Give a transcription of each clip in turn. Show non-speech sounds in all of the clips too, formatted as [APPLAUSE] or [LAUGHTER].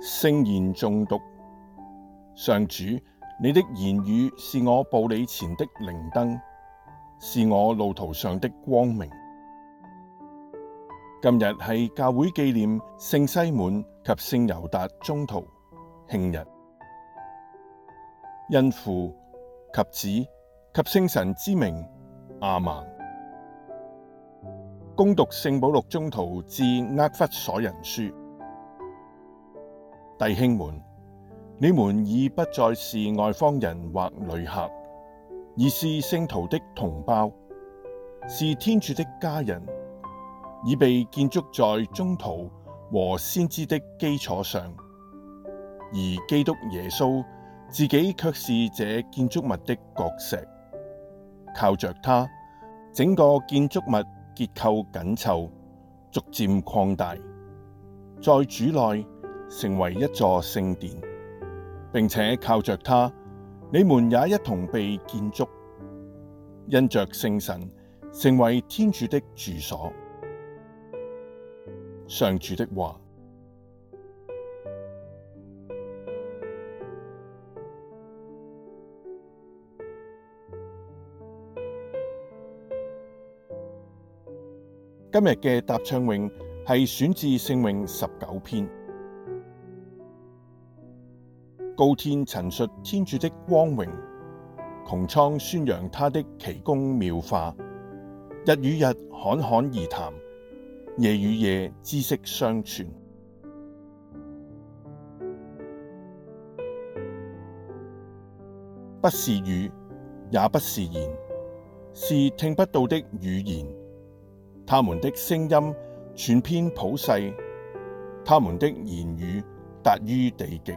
聖言中毒。上主，你的言語是我布你前的靈燈，是我路途上的光明。今日是教會紀念聖西滿及聖猶達中徒慶日，因父及子及聖神之名阿門。公讀聖保祿中途，至厄弗所人書。弟兄們，你們已不再是外方人或旅客，而是聖徒的同胞，是天主的家人，已被建築在宗徒和先知的基礎上。而基督耶穌自己卻是這建築物的角石，靠着他，整個建築物結構緊湊，逐漸擴大，在主內。成為一座聖殿，並且靠着他，你們也一同被建築，因着聖神成為天主的住所。上主的話， [NOISE] 今日嘅答唱詠是選自聖詠十九篇。高天陳述天主的光榮，穹蒼宣揚他的奇工妙化。日與日侃侃而談，夜與夜知識相傳。 [MUSIC] 不是語，也不是言，是聽不到的語言。他們的聲音傳遍普世，他們的言語達於地極。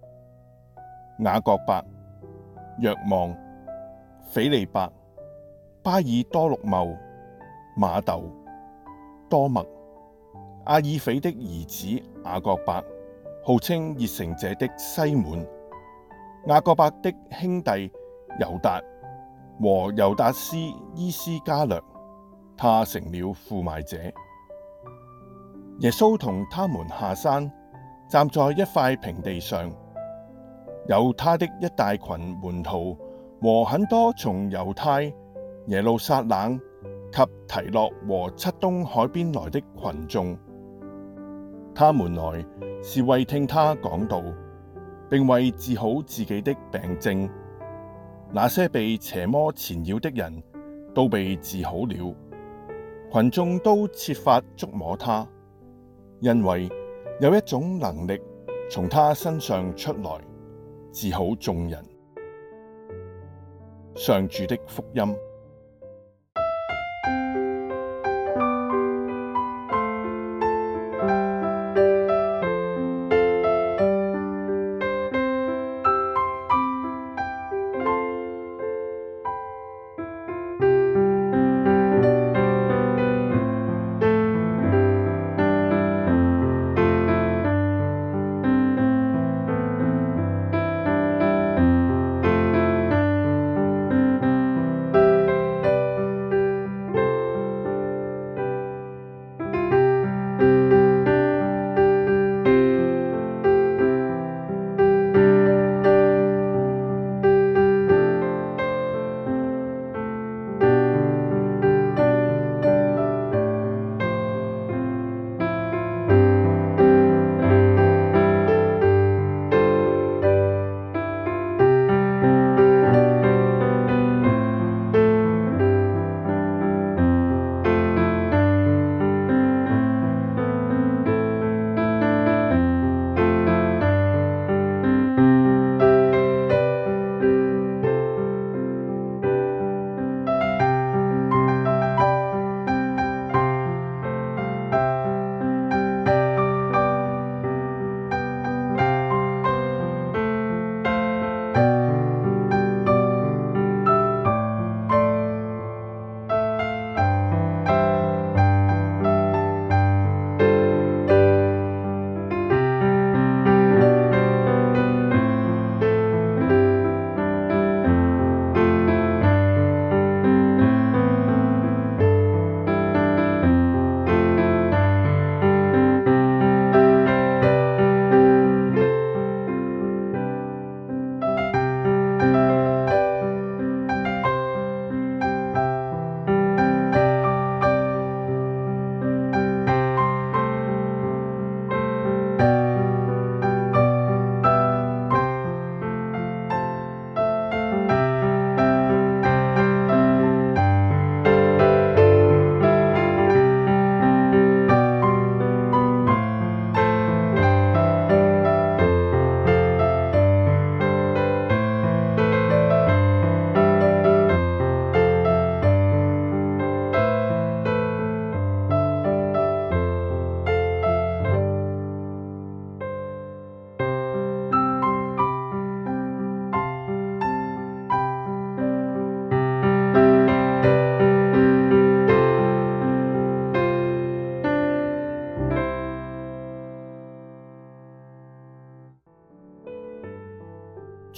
雅各伯、若望、斐理伯、巴爾多祿茂、馬竇、多默、阿耳斐的兒子雅各伯，號稱熱誠者的西滿，雅各伯的兄弟猶達和猶達斯依斯加略，他成了負賣者。耶穌同他們下山，站在一塊平地上。有他的一大群門徒和很多從猶太、耶路撒冷及提洛和漆冬海邊來的群眾，他們來是為聽他講道，並為治好自己的病症。那些被邪魔纏擾的人都被治好了，群眾都設法觸摸他，因為有一種能力從他身上出來。治好眾人。上主的福音。